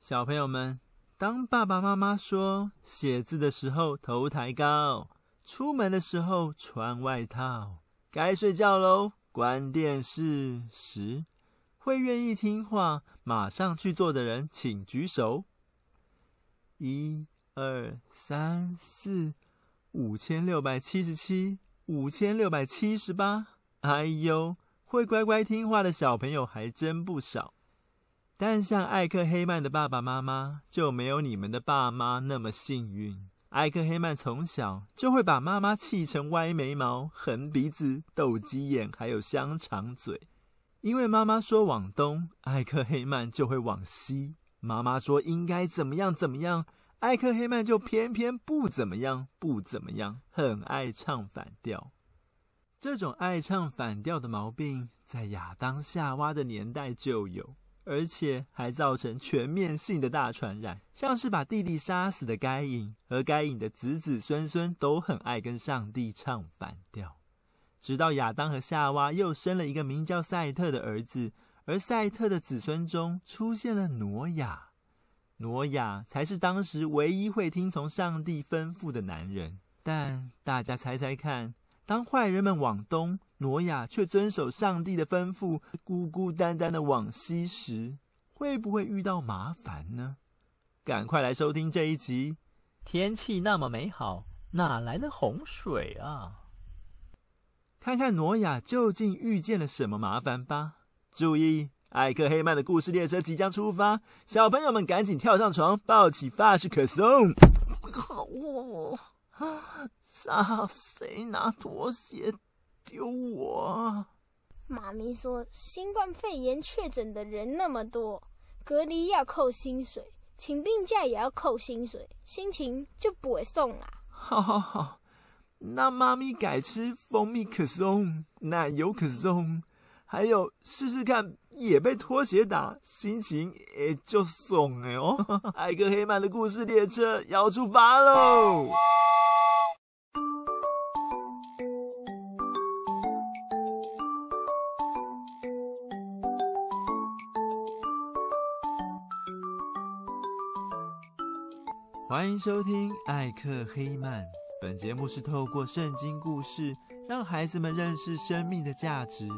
小朋友們，當爸爸媽媽說寫字的時候頭抬高，出門的時候穿外套，該睡覺嘍，關電視時，會願意聽話，馬上去做的人，請舉手。一二三四，五千六百七十七，五千六百七十八。哎呦，會乖乖聽話的小朋友還真不少。但像艾克黑曼的爸爸媽媽就沒有你們的爸媽那麼幸運。艾克黑曼從小就會把媽媽氣成歪眉毛、橫鼻子、鬥雞眼，還有香腸嘴。因為媽媽說往東，艾克黑曼就會往西。媽媽說應該怎麼樣怎麼樣，艾克黑曼就偏偏不怎麼樣不怎麼樣，很愛唱反調。這種愛唱反調的毛病，在亞當夏娃的年代就有。而且還造成全面性的大傳染，像是把弟弟殺死的該隱，而該隱的子子孫孫都很愛跟上帝唱反調。直到亞當和夏娃又生了一個名叫賽特的兒子，而賽特的子孫中出現了挪亞，挪亞才是當時唯一會聽從上帝吩咐的男人。但大家猜猜看，當壞人們往東，挪亞卻遵守上帝的吩咐，孤孤單單的往西時，會不會遇到麻煩呢？趕快來收聽這一集！天氣那麼美好，哪來的洪水啊？看看挪亞究竟遇見了什麼麻煩吧！注意，艾克黑曼的故事列車即將出發，小朋友們趕緊跳上床，抱起髮飾，可、哦、靠，好啊，誰拿拖鞋？丟我、啊！媽咪說，新冠肺炎確診的人那麼多，隔離要扣薪水，請病假也要扣薪水，心情就不會鬆啦。好好好，那媽咪改吃蜂蜜可頌，奶油可頌，還有試試看也被拖鞋打，心情也就鬆了哦！愛 格黑曼的故事列車要出發嘍！Bye. 歡迎收聽艾克黑曼。本節目是透過聖經故事，讓孩子們認識生命的價值，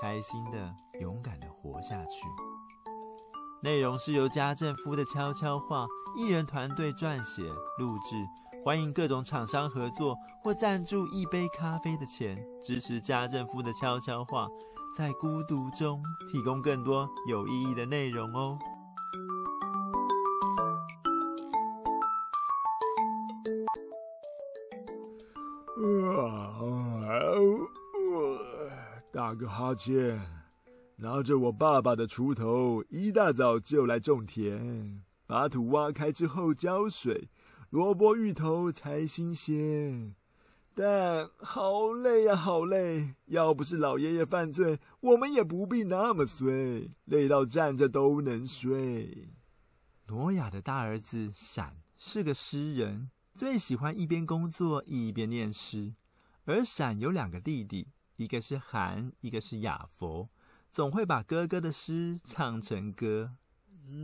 開心地、勇敢地活下去。內容是由家政夫的悄悄話藝人團隊撰寫、錄製。歡迎各種廠商合作或贊助一杯咖啡的錢，支持家政夫的悄悄話，在孤獨中提供更多有意義的內容哦。哈欠，拿着我爸爸的鋤頭，一大早就來種田。把土挖開之後澆水，蘿蔔芋頭才新鮮。但好累呀、啊，好累！要不是老爺爺犯罪，我們也不必那麼衰，累到站着都能睡。挪亞的大兒子閃是個詩人，最喜歡一邊工作一邊念詩。而閃有兩個弟弟。一個是含，一個是雅弗，總會把哥哥的詩唱成歌。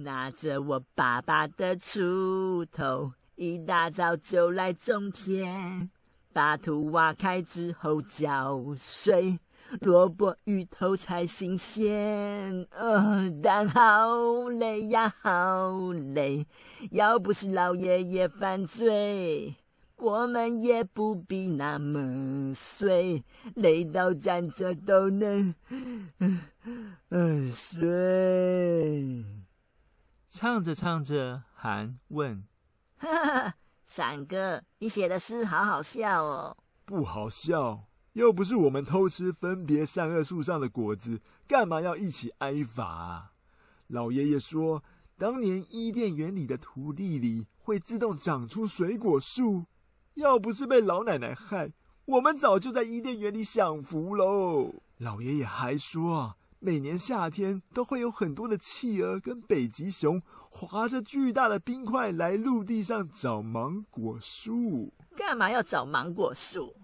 拿着我爸爸的鋤頭，一大早就來種田。把土挖開之後澆水，蘿蔔芋頭才新鮮。呃，但好累呀，好累！要不是老爺爺犯罪。我們也不必那麼碎，累到站着都能睡。唱着唱着，含問：“閃 哥，你寫的詩好好笑哦。”“不好笑，又不是我們偷吃分別善惡樹上的果子，幹嘛要一起挨罰啊？”老爺爺說：“當年伊甸園裡的土地裡會自動長出水果樹。”要不是被老奶奶害，我們早就在伊甸園裡享福嘍。老爺爺還說啊，每年夏天都會有很多的企鵝跟北極熊划着巨大的冰塊來陸地上找芒果樹。干嘛要找芒果樹？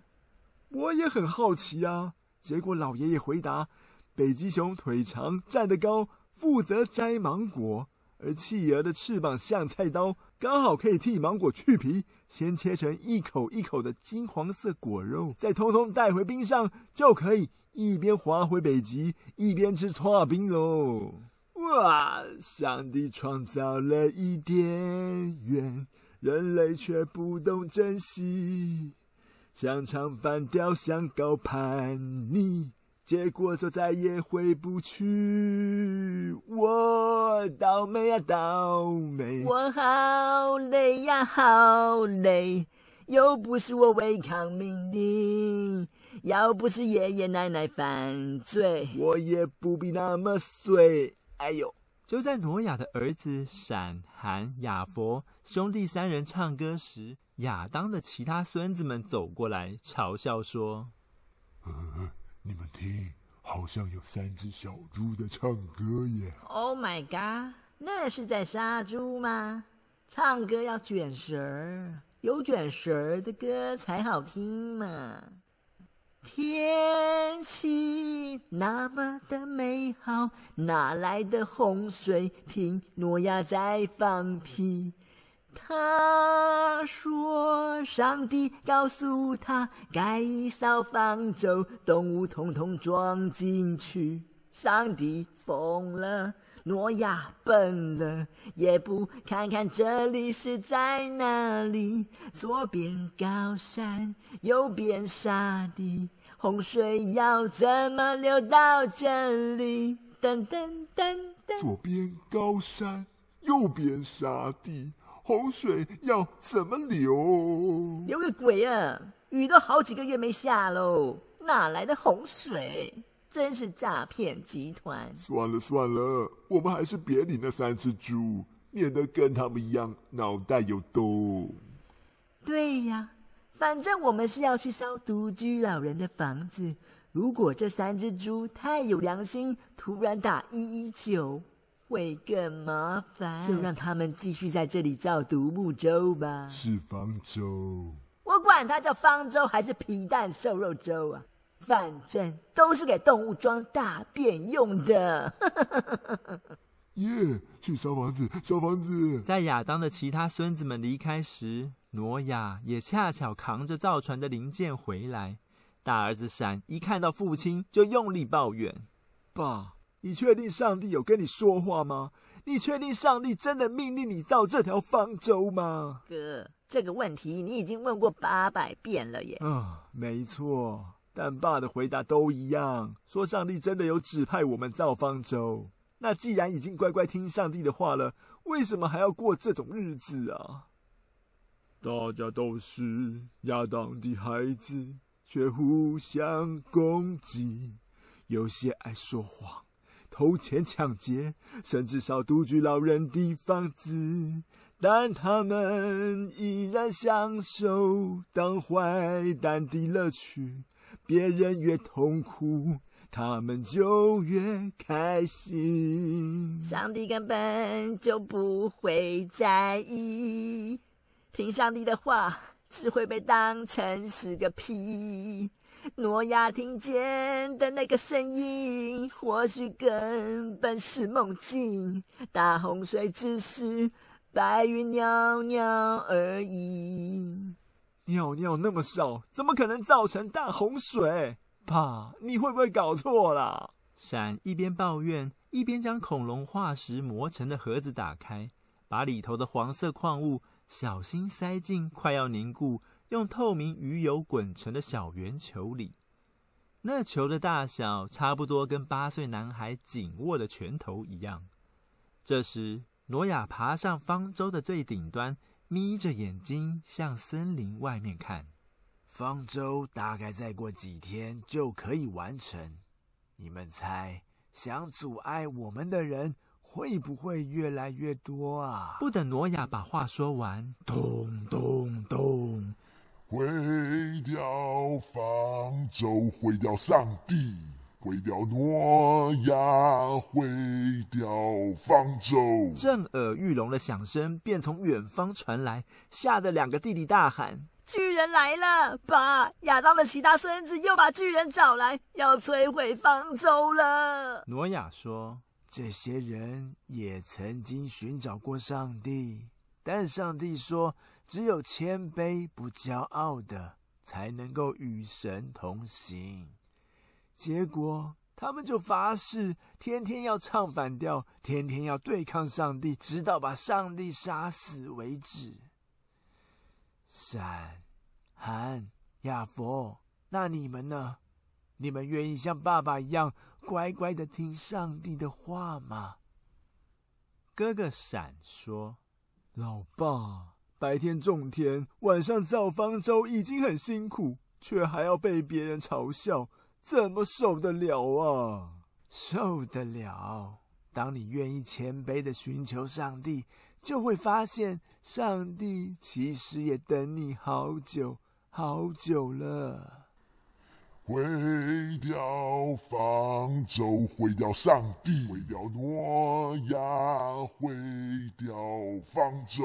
我也很好奇啊。結果老爺爺回答：北極熊腿長，站得高，負責摘芒果。而企鵝的翅膀像菜刀，剛好可以替芒果去皮，先切成一口一口的金黃色果肉，再通通帶回冰上，就可以一邊滑回北極，一邊吃剉冰嘍！哇，上帝創造了伊甸園，人類卻不懂珍惜，像唱反調，像高攀你。結果就再也回不去，我倒霉呀、啊、倒霉！我好累呀、啊、好累，又不是我違抗命令，要不是爺爺奶奶犯罪，我也不必那麼衰。哎呦！就在挪亞的兒子閃、含、雅弗兄弟三人唱歌時，亞當的其他孫子們走過來嘲笑說。 你們聽，好像有三隻小豬在唱歌耶。Oh my God，那是在殺豬嗎？唱歌要捲舌，有捲舌的歌才好聽嘛！天氣那麼的美好，哪來的洪水？聽挪亞在放屁。他說：“上帝告訴他，蓋一艘方舟，動物統統裝進去。上帝瘋了，挪亞笨了，也不看看這裡是在哪裡。左邊高山，右邊沙地，洪水要怎麼流到這裡？”噔噔噔噔，左邊高山，右邊沙地。洪水要怎麼流？流個鬼啊！雨都好幾個月沒下嘍，哪來的洪水？真是詐騙集團！算了算了，我們還是別理那三只豬，免得跟他們一樣腦袋有洞。對呀、啊，反正我們是要去燒獨居老人的房子。如果這三只豬太有良心，突然打一一九。會更麻煩，就讓他們繼續在這裡造獨木舟吧。是方舟，我管它叫方舟還是皮蛋瘦肉粥啊？反正都是給動物裝大便用的。耶、 yeah，去燒房子，燒房子！在亞當的其他孫子們離開時，挪亞也恰巧扛着造船的零件回來。大兒子閃一看到父親就用力抱怨：“爸。”你確定上帝有跟你說話嗎？你確定上帝真的命令你造這條方舟嗎？哥，這個問題你已經問過八百遍了耶。啊，沒錯，但爸的回答都一樣，說上帝真的有指派我們造方舟。那既然已經乖乖聽上帝的話了，為什麼還要過這種日子啊？大家都是亞當的孩子，卻互相攻擊，有些愛說謊。偷錢搶劫，甚至燒獨居老人的房子，但他們依然享受當壞蛋的樂趣。別人越痛苦，他們就越開心。上帝根本就不會在意，聽上帝的話，只會被當成是個屁。挪亞聽見的那個聲音，或許根本是夢境。大洪水只是白雲尿尿而已。尿尿那麼少，怎麼可能造成大洪水？爸，你會不會搞錯啦？閃一邊抱怨，一邊將恐龍化石磨成的盒子打開，把裡頭的黃色礦物小心塞進快要凝固。用透明魚油滾成的小圓球裡，那球的大小差不多跟八歲男孩緊握的拳頭一樣。這時，挪亞爬上方舟的最頂端，眯着眼睛向森林外面看。方舟大概再過幾天就可以完成。你們猜，想阻礙我們的人會不會越來越多啊？不等挪亞把話說完，咚咚咚！毀掉方舟，毀掉上帝，毀掉挪亞，毀掉方舟。震耳欲聾的響聲便從遠方傳來，嚇得兩個弟弟大喊：“巨人來了！”爸，亞當的其他孫子又把巨人找來，要摧毀方舟了。挪亞說：“這些人也曾經尋找過上帝，但上帝說。”只有謙卑、不驕傲的，才能夠與神同行。結果，他們就發誓，天天要唱反調，天天要對抗上帝，直到把上帝殺死為止。閃、含、雅弗，那你們呢？你們願意像爸爸一樣，乖乖的聽上帝的話嗎？哥哥閃說：“老爸。”白天種田，晚上造方舟，已經很辛苦，卻還要被別人嘲笑，怎麼受得了啊？受得了。當你願意謙卑地尋求上帝，就會發現上帝其實也等你好久好久了。毀掉方舟，毀掉上帝，毀掉挪亞，毀掉方舟。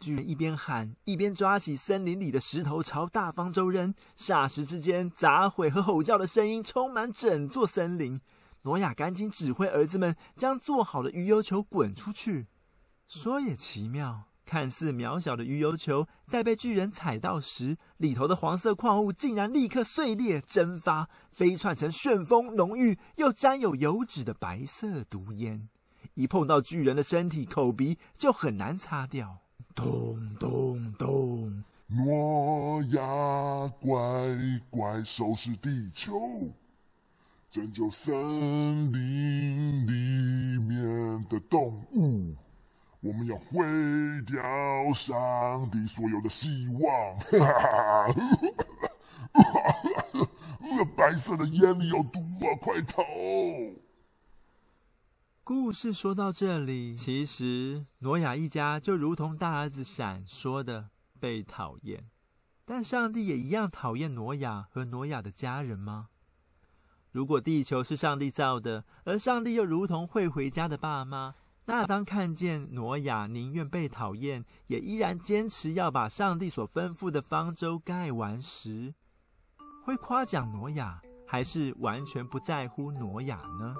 巨人一邊喊，一邊抓起森林裡的石頭朝大方舟扔。霎時之間，砸毀和吼叫的聲音充滿整座森林。挪亞趕緊指揮兒子們將做好的魚油球滾出去。說也奇妙，看似渺小的魚油球，在被巨人踩到時，裡頭的黃色礦物竟然立刻碎裂、蒸發，飛竄成旋風，濃郁又沾有油脂的白色毒煙，一碰到巨人的身體、口鼻，就很難擦掉。咚咚咚！挪亞，乖乖收拾地球，拯救森林裡面的動物。我們要毀掉上帝所有的希望！哈，哈，哈，哈，哈，哈，哈，哈，哈，哈，哈、啊，哈，哈，哈，哈，哈，哈，哈，那白色的煙裡有毒啊，快走！故事說到這裡，其實挪亞一家就如同大兒子閃說的被討厭，但上帝也一樣討厭挪亞和挪亞的家人嗎？如果地球是上帝造的，而上帝又如同會回家的爸媽，那當看見挪亞寧願被討厭，也依然堅持要把上帝所吩咐的方舟蓋完時，會誇獎挪亞，還是完全不在乎挪亞呢？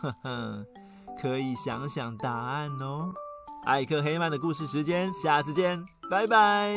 呵呵，可以想想答案哦。艾克黑曼的故事時間，下次見，拜拜！